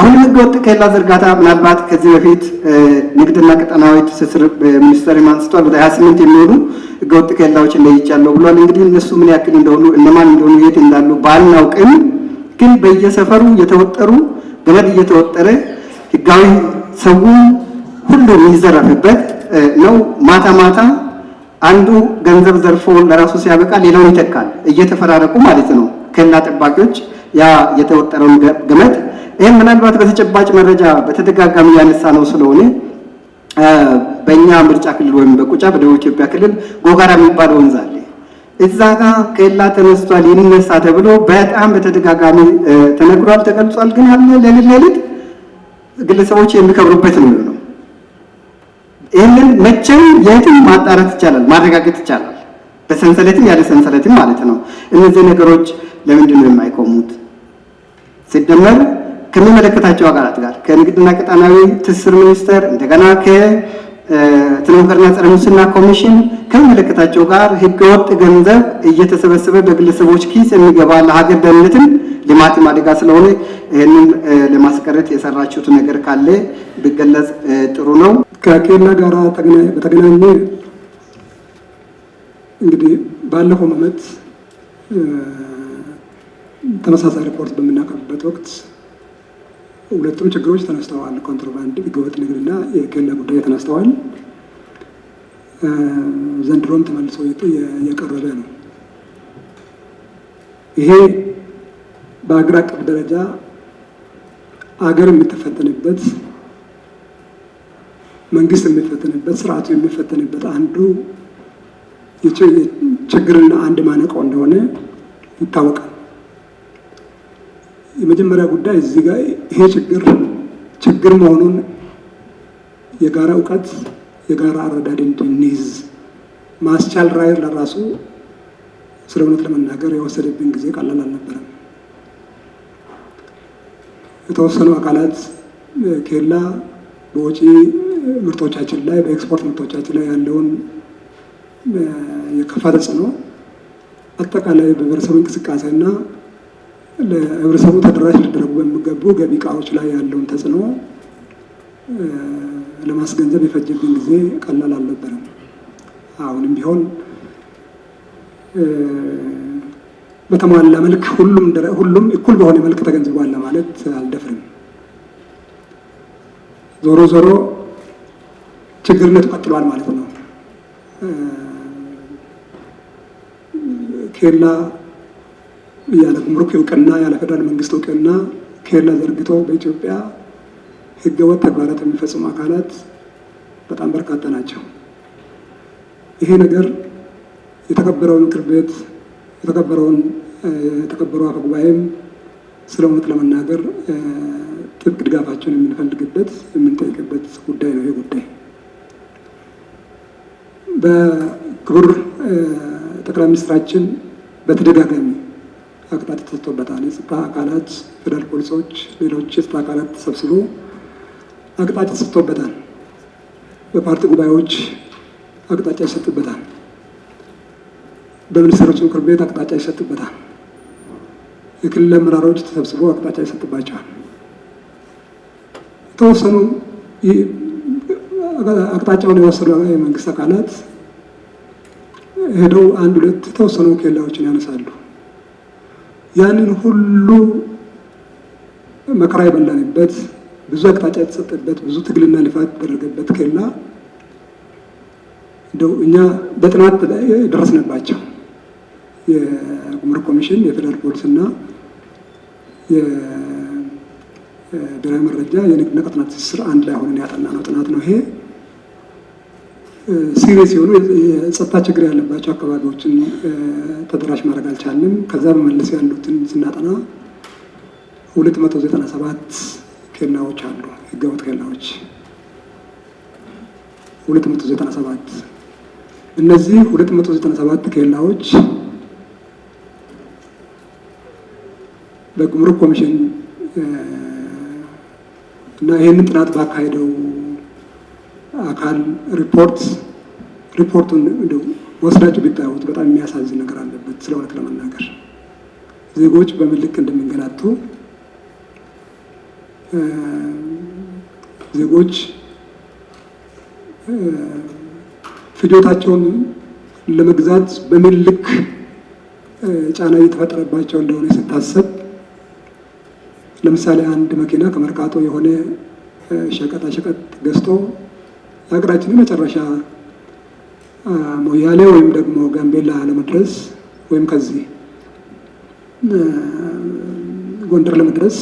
አሁን ህገ ወጥ ከሌላ ዝርጋታ ምናልባት ከዚህ በፊት ንግድና ቀጠናዊ ትስስር ሚኒስቴር አንስቷል። ወደ 28 የሚሆኑ ህገ ወጥ ከሌላዎች ለይቻለሁ ብሏል። እንግዲህ እነሱ ምን ያክል እንደሆኑ እነማን እንደሆኑ የት እንዳሉ ባናውቅም፣ ግን በየሰፈሩ እየተወጠሩ ገመድ እየተወጠረ ህጋዊ ሰው ሁሉ የሚዘረፍበት ነው። ማታ ማታ አንዱ ገንዘብ ዘርፎ ለራሱ ሲያበቃ ሌላውን ይተካል፣ እየተፈራረቁ ማለት ነው። ከላ ጠባቂዎች ያ የተወጠረውን ገመድ ይህም ምናልባት በተጨባጭ መረጃ በተደጋጋሚ ያነሳ ነው ስለሆነ በእኛ ምርጫ ክልል ወይም በቁጫ በደቡብ ኢትዮጵያ ክልል ጎጋራ የሚባል ወንዝ አለ። እዛ ጋ ከላ ተነስቷል ይነሳ ተብሎ በጣም በተደጋጋሚ ተነግሯል፣ ተገልጿል። ግን ያለ ለሌት ለሌት ግለሰቦች የሚከብሩበት ነው ነው። ይህንን መቼም የትም ማጣራት ይቻላል፣ ማረጋገጥ ይቻላል። በሰንሰለትም ያለ ሰንሰለትም ማለት ነው። እነዚህ ነገሮች ለምንድን ነው የማይቆሙት ሲደመር ከሚመለከታቸው አካላት ጋር ከንግድና ቀጣናዊ ትስስር ሚኒስቴር እንደገና ከትንኮሳና ፀረ ሙስና ኮሚሽን ከሚመለከታቸው ጋር ህገወጥ ገንዘብ እየተሰበሰበ በግለሰቦች ኪስ የሚገባ ለሀገር ደህንነትም ልማትም አደጋ ስለሆነ ይህንን ለማስቀረት የሰራችሁት ነገር ካለ ቢገለጽ ጥሩ ነው። ከኬላ ጋር በተገናኘ እንግዲህ ባለፈው ዓመት ተመሳሳይ ሪፖርት በምናቀርብበት ወቅት ሁለቱም ችግሮች ተነስተዋል። ኮንትሮባንድ፣ ህገወጥ ንግድና የኬላ ጉዳይ ተነስተዋል። ዘንድሮም ተመልሶ የቀረበ ነው። ይሄ በአገር አቀፍ ደረጃ አገር የምትፈተንበት መንግስት የሚፈተንበት ስርዓቱ የሚፈተንበት አንዱ ችግርና አንድ ማነቆ እንደሆነ ይታወቃል። የመጀመሪያ ጉዳይ እዚህ ጋር ይሄ ችግር ችግር መሆኑን የጋራ እውቀት የጋራ አረዳድ እንድንይዝ ማስቻል ራይር ለራሱ ስለ እውነት ለመናገር የወሰደብን ጊዜ ቀላል አልነበረም። የተወሰኑ አካላት ኬላ በውጪ ምርቶቻችን ላይ በኤክስፖርት ምርቶቻችን ላይ ያለውን የከፋ ተጽዕኖ አጠቃላይ እንቅስቃሴ እንቅስቃሴና ለህብረተሰቡ ተደራሽ ሊደረጉ በሚገቡ ገቢ እቃዎች ላይ ያለውን ተጽዕኖ ለማስገንዘብ የፈጀብን ጊዜ ቀላል አልነበረም። አሁንም ቢሆን በተሟላ መልክ ሁሉም እኩል በሆነ መልክ ተገንዝቧል ለማለት አልደፍርም። ዞሮ ዞሮ ችግርነቱ ቀጥሏል ማለት ነው። ኬላ ያለ ጉምሩክ እውቅና ያለ ፌደራል መንግስት እውቅና ኬላ ዘርግቶ በኢትዮጵያ ህገወጥ ተግባራት የሚፈጽሙ አካላት በጣም በርካታ ናቸው። ይሄ ነገር የተከበረውን ምክር ቤት የተከበረውን የተከበረው አፈ ጉባኤም ስለ እውነት ለመናገር ጥብቅ ድጋፋቸውን የምንፈልግበት የምንጠይቅበት ጉዳይ ነው። ይሄ ጉዳይ በክቡር ጠቅላይ ሚኒስትራችን በተደጋጋሚ አቅጣጫ ተሰጥቶበታል። የጸጥታ አካላት፣ ፌደራል ፖሊሶች፣ ሌሎች የጸጥታ አካላት ተሰብስቦ አቅጣጫ ተሰጥቶበታል። በፓርቲ ጉባኤዎች አቅጣጫ ይሰጥበታል። በሚኒስትሮች ምክር ቤት አቅጣጫ ይሰጥበታል። የክልል አመራሮች ተሰብስቦ አቅጣጫ ይሰጥባቸዋል። የተወሰኑ አቅጣጫውን የወሰዱ የመንግስት አካላት ሄደው አንድ ሁለት የተወሰኑ ኬላዎችን ያነሳሉ። ያንን ሁሉ መከራ የበላንበት ብዙ አቅጣጫ የተሰጠበት ብዙ ትግልና ልፋት የተደረገበት ከላ እንደው እኛ በጥናት ደረስንባቸው የጉምሩክ ኮሚሽን የፌደራል ፖሊስና የብሔራዊ መረጃ የንግድና ቀጠና ትስስር አንድ ላይ ሆነን ያጠናነው ጥናት ነው ይሄ። ሲሪየስ የሆኑ የጸጥታ ችግር ያለባቸው አካባቢዎችን ተደራሽ ማድረግ አልቻልንም። ከዛ በመለስ ያሉትን ስናጠና ሁለት መቶ ዘጠና ሰባት ኬላዎች አሉ፣ ህገወጥ ኬላዎች ሁለት መቶ ዘጠና ሰባት እነዚህ ሁለት መቶ ዘጠና ሰባት ኬላዎች በጉምሩክ ኮሚሽን እና ይህንን ጥናት ባካሄደው አካል ሪፖርት ሪፖርቱን ወስዳችሁ ቢታዩት በጣም የሚያሳዝን ነገር አለበት። ስለ እውነት ለመናገር ዜጎች በምን ልክ እንደሚንገላቱ ዜጎች ፍጆታቸውን ለመግዛት በምን ልክ ጫና እየተፈጠረባቸው እንደሆነ ስታሰብ ለምሳሌ አንድ መኪና ከመርካቶ የሆነ ሸቀጣ ሸቀጥ ገዝቶ ሀገራችን መጨረሻ ሞያሌ ወይም ደግሞ ጋምቤላ ለመድረስ ወይም ከዚህ ጎንደር ለመድረስ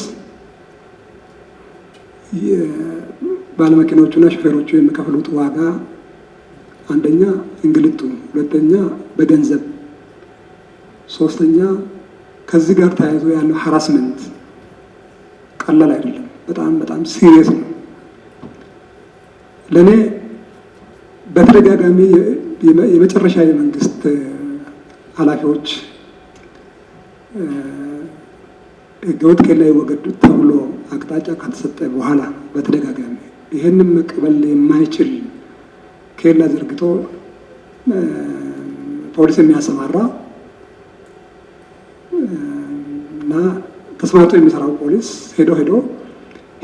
ባለመኪናዎቹና ሾፌሮቹ የሚከፍሉት ዋጋ አንደኛ እንግልቱ፣ ሁለተኛ በገንዘብ፣ ሶስተኛ ከዚህ ጋር ተያይዞ ያለው ሀራስመንት ቀላል አይደለም። በጣም በጣም ሲሪየስ ነው ለእኔ በተደጋጋሚ የመጨረሻ የመንግስት ኃላፊዎች ህገወጥ ኬላ ይወገዱት ተብሎ አቅጣጫ ከተሰጠ በኋላ በተደጋጋሚ ይህንን መቀበል የማይችል ኬላ ዘርግቶ ፖሊስ የሚያሰማራ እና ተስማምቶ የሚሰራው ፖሊስ ሄዶ ሄዶ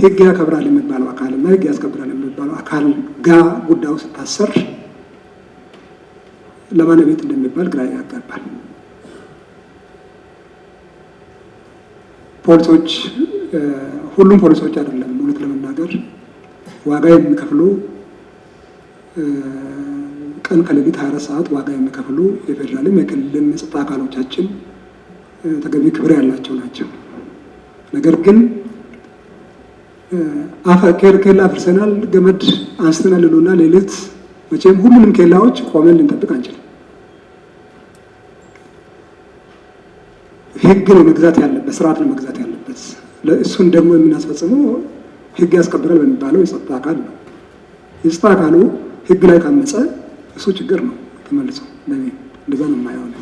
ህግ ያከብራል የሚባለው አካልና ህግ ያስከብራል የሚባለው አካል ጋ ጉዳዩ ስታሰር ለማነቤት እንደሚባል ግራ ያጋባል። ፖሊሶች ሁሉም ፖሊሶች አይደለም፣ እውነት ለመናገር ዋጋ የሚከፍሉ ቀን ከሌሊት ሀያ ሰዓት ዋጋ የሚከፍሉ የፌዴራልም የክልልም የጸጥታ አካሎቻችን ተገቢ ክብር ያላቸው ናቸው። ነገር ግን አፈር ኬላ አፍርሰናል፣ ገመድ አንስተናል ሉና ሌሊት መቼም ሁሉንም ኬላዎች ቆመን ልንጠብቅ አንችልም። ህግ ነው መግዛት ያለበት፣ ስርዓት ነው መግዛት ያለበት። እሱን ደግሞ የምናስፈጽመው ህግ ያስከብራል በሚባለው የጸጥታ አካል ነው። የጸጥታ አካሉ ህግ ላይ ካመፀ እሱ ችግር ነው ተመልሶ እንደዛ ነው የማይሆነ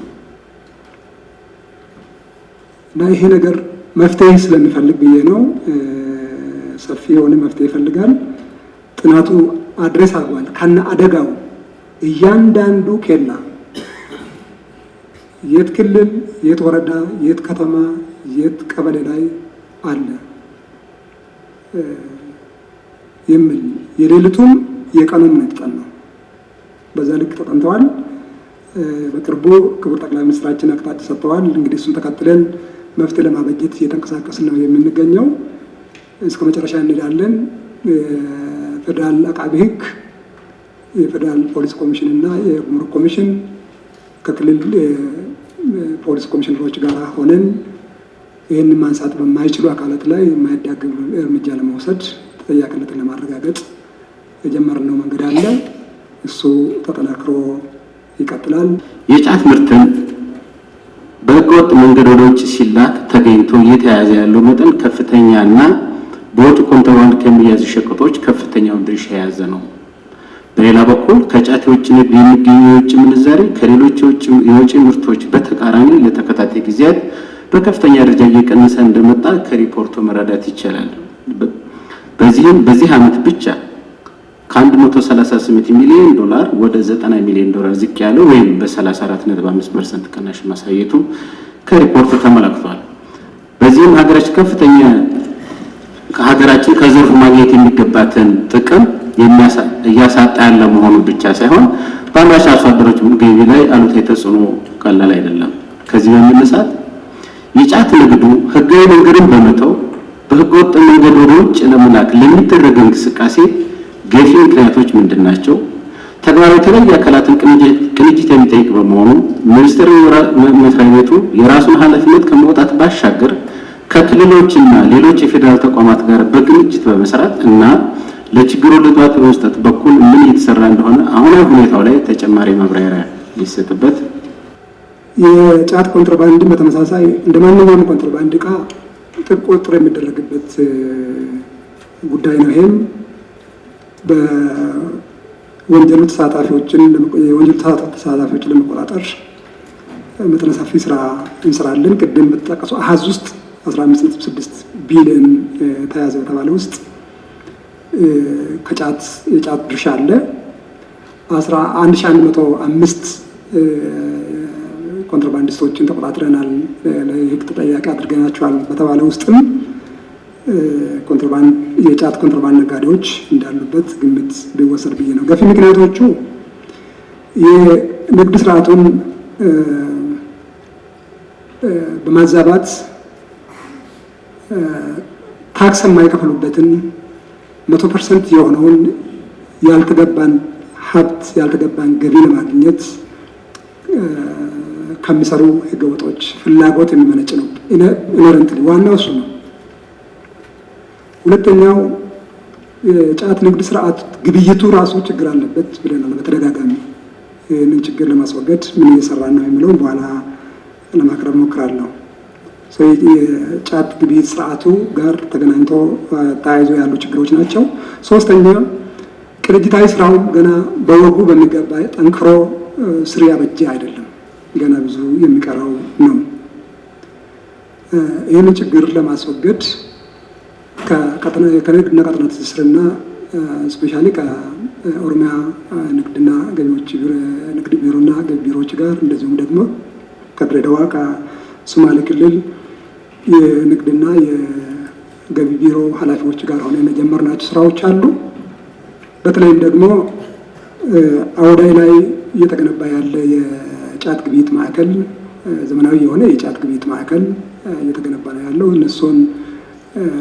እና ይሄ ነገር መፍትሄ ስለሚፈልግ ብዬ ነው ሰፊ የሆነ መፍትሄ ይፈልጋል። ጥናቱ አድሬስ አድርጓል። ከነ አደጋው እያንዳንዱ ኬላ የት ክልል፣ የት ወረዳ፣ የት ከተማ፣ የት ቀበሌ ላይ አለ የሚል የሌሊቱም የቀኑም መጥቀል ነው። በዛ ልክ ተጠንተዋል። በቅርቡ ክቡር ጠቅላይ ሚኒስትራችን አቅጣጫ ሰጥተዋል። እንግዲህ እሱን ተከትለን መፍትሄ ለማበጀት እየተንቀሳቀስ ነው የምንገኘው። እስከ መጨረሻ እንሄዳለን። የፌዴራል አቃቢ ህግ የፌደራል ፖሊስ ኮሚሽን እና የጉምሩክ ኮሚሽን ከክልል ፖሊስ ኮሚሽነሮች ጋር ሆነን ይህንን ማንሳት በማይችሉ አካላት ላይ የማያዳግም እርምጃ ለመውሰድ ተጠያቂነትን ለማረጋገጥ የጀመርነው መንገድ አለ። እሱ ተጠናክሮ ይቀጥላል። የጫት ምርትን በህገወጥ መንገድ ወደ ውጭ ሲላክ ተገኝቶ እየተያያዘ ያለው መጠን ከፍተኛ እና በወጡ ኮንትሮባንድ ከሚያዙ ሸቀጦች ከፍተኛውን ድርሻ የያዘ ነው። በሌላ በኩል ከጫት የውጭ ንግድ የሚገኙ የውጭ ምንዛሪ ከሌሎች የውጭ ምርቶች በተቃራኒ ለተከታታይ ጊዜያት በከፍተኛ ደረጃ እየቀነሰ እንደመጣ ከሪፖርቱ መረዳት ይቻላል። በዚህም በዚህ ዓመት ብቻ ከ138 ሚሊዮን ዶላር ወደ 90 ሚሊዮን ዶላር ዝቅ ያለው ወይም በ34.5 ፐርሰንት ቅናሽ ማሳየቱ ከሪፖርቱ ተመላክቷል። በዚህም ሀገራችን ከፍተኛ ከሀገራችን ከዘርፉ ማግኘት የሚገባትን ጥቅም እያሳጣ ያለ መሆኑ ብቻ ሳይሆን በአምራች አርሶ አደሮች ገቢ ላይ አሉታዊ ተጽዕኖ ቀላል አይደለም። ከዚህ በመነሳት የጫት ንግዱ ህጋዊ መንገድን በመተው በህገ ወጥ መንገድ ወደ ውጭ ለመላክ ለሚደረገ እንቅስቃሴ ገፊ ምክንያቶች ምንድን ናቸው? ተግባሩ የተለያዩ አካላትን ቅንጅት የሚጠይቅ በመሆኑ ሚኒስቴር መስሪያ ቤቱ የራሱን ኃላፊነት ከመውጣት ባሻገር ከክልሎችና ሌሎች የፌዴራል ተቋማት ጋር በቅንጅት በመስራት እና ለችግሩ ልባት በመስጠት በኩል ምን እየተሰራ እንደሆነ አሁን ሁኔታው ላይ ተጨማሪ ማብራሪያ ይሰጥበት። የጫት ኮንትሮባንድን በተመሳሳይ እንደ ማንኛውም ኮንትሮባንድ እቃ ጥብቅ ቁጥጥር የሚደረግበት ጉዳይ ነው። ይህም በወንጀሉ ተሳታፊዎችን የወንጀሉ ተሳታፊዎችን ለመቆጣጠር መጠነ ሰፊ ስራ እንስራለን። ቅድም በተጠቀሱ አሀዝ ውስጥ 15.6 ቢሊዮን ተያዘ በተባለ ውስጥ ከጫት የጫት ድርሻ አለ። 1105 ኮንትሮባንዲስቶችን ተቆጣጥረናል፣ ለህግ ተጠያቂ አድርገናቸዋል በተባለ ውስጥም የጫት ኮንትሮባንድ ነጋዴዎች እንዳሉበት ግምት ቢወሰድ ብዬ ነው። ገፊ ምክንያቶቹ የንግድ ስርዓቱን በማዛባት ታክስ የማይከፍሉበትን መቶ ፐርሰንት የሆነውን ያልተገባን ሀብት ያልተገባን ገቢ ለማግኘት ከሚሰሩ ህገወጦች ፍላጎት የሚመነጭ ነው። ኢነረንት ዋናው እሱ ነው። ሁለተኛው የጫት ንግድ ስርዓት ግብይቱ ራሱ ችግር አለበት ብለናል በተደጋጋሚ። ይህንን ችግር ለማስወገድ ምን እየሰራ ነው የሚለውን በኋላ ለማቅረብ ሞክራለሁ። የጫት ግብይት ስርዓቱ ጋር ተገናኝቶ ተያይዞ ያሉ ችግሮች ናቸው። ሶስተኛ ቅንጅታዊ ስራውን ገና በወጉ በሚገባ ጠንክሮ ስር ያበጀ አይደለም፣ ገና ብዙ የሚቀረው ነው። ይህንን ችግር ለማስወገድ ከንግድና ቀጠና ትስስርና ስፔሻሊ ከኦሮሚያ ንግድና ገቢዎች ንግድ ቢሮና ገቢ ቢሮዎች ጋር እንደዚሁም ደግሞ ከድሬዳዋ ከሶማሌ ክልል የንግድና የገቢ ቢሮ ኃላፊዎች ጋር ሆነን የጀመርናቸው ስራዎች አሉ። በተለይም ደግሞ አወዳይ ላይ እየተገነባ ያለ የጫት ግብይት ማዕከል ዘመናዊ የሆነ የጫት ግብይት ማዕከል እየተገነባ ነው ያለው። እነሱን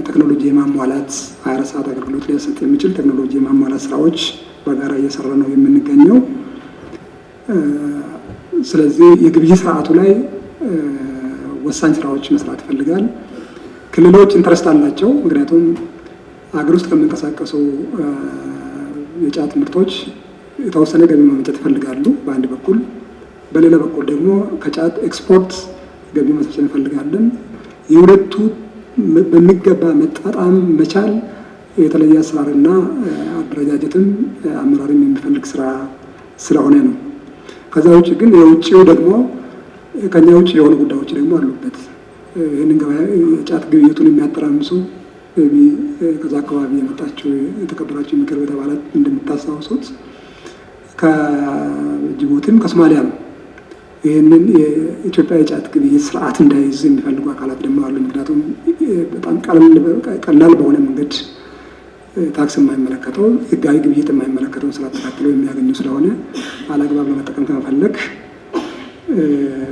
ቴክኖሎጂ የማሟላት ሀያ አራት ሰዓት አገልግሎት ሊያሰጥ የሚችል ቴክኖሎጂ የማሟላት ስራዎች በጋራ እየሰራ ነው የምንገኘው። ስለዚህ የግብይት ስርዓቱ ላይ ወሳኝ ስራዎች መስራት ይፈልጋል። ክልሎች ኢንትረስት አላቸው። ምክንያቱም አገር ውስጥ ከሚንቀሳቀሱ የጫት ምርቶች የተወሰነ ገቢ ማመንጨት ይፈልጋሉ በአንድ በኩል፣ በሌላ በኩል ደግሞ ከጫት ኤክስፖርት ገቢ መሰብሰብ እንፈልጋለን። የሁለቱ በሚገባ መጣጣም መቻል የተለየ አሰራርና አደረጃጀትም አመራርም የሚፈልግ ስራ ስለሆነ ነው። ከዛ ውጭ ግን የውጭው ደግሞ ከኛ ውጭ የሆኑ ጉዳዮች ደግሞ አሉበት። ይህንን ጫት ግብይቱን የሚያጠራምሱ ከዛ አካባቢ የመጣቸው የተከበራቸው የምክር ቤት አባላት እንደምታስታውሱት ከጅቡቲም ከሶማሊያም ይህንን የኢትዮጵያ የጫት ግብይት ስርዓት እንዳይዝ የሚፈልጉ አካላት ደግሞ አሉ። ምክንያቱም በጣም ቀላል በሆነ መንገድ ታክስ የማይመለከተው ህጋዊ ግብይት የማይመለከተውን ስራ ተካትለው የሚያገኙ ስለሆነ አላግባብ ለመጠቀም ከመፈለግ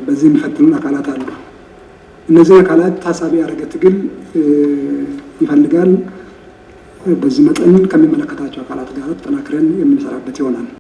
በዚህ የሚፈትኑን አካላት አሉ። እነዚህ አካላት ታሳቢ ያደረገ ትግል ይፈልጋል። በዚህ መጠን ከሚመለከታቸው አካላት ጋር ጠናክረን የምንሰራበት ይሆናል።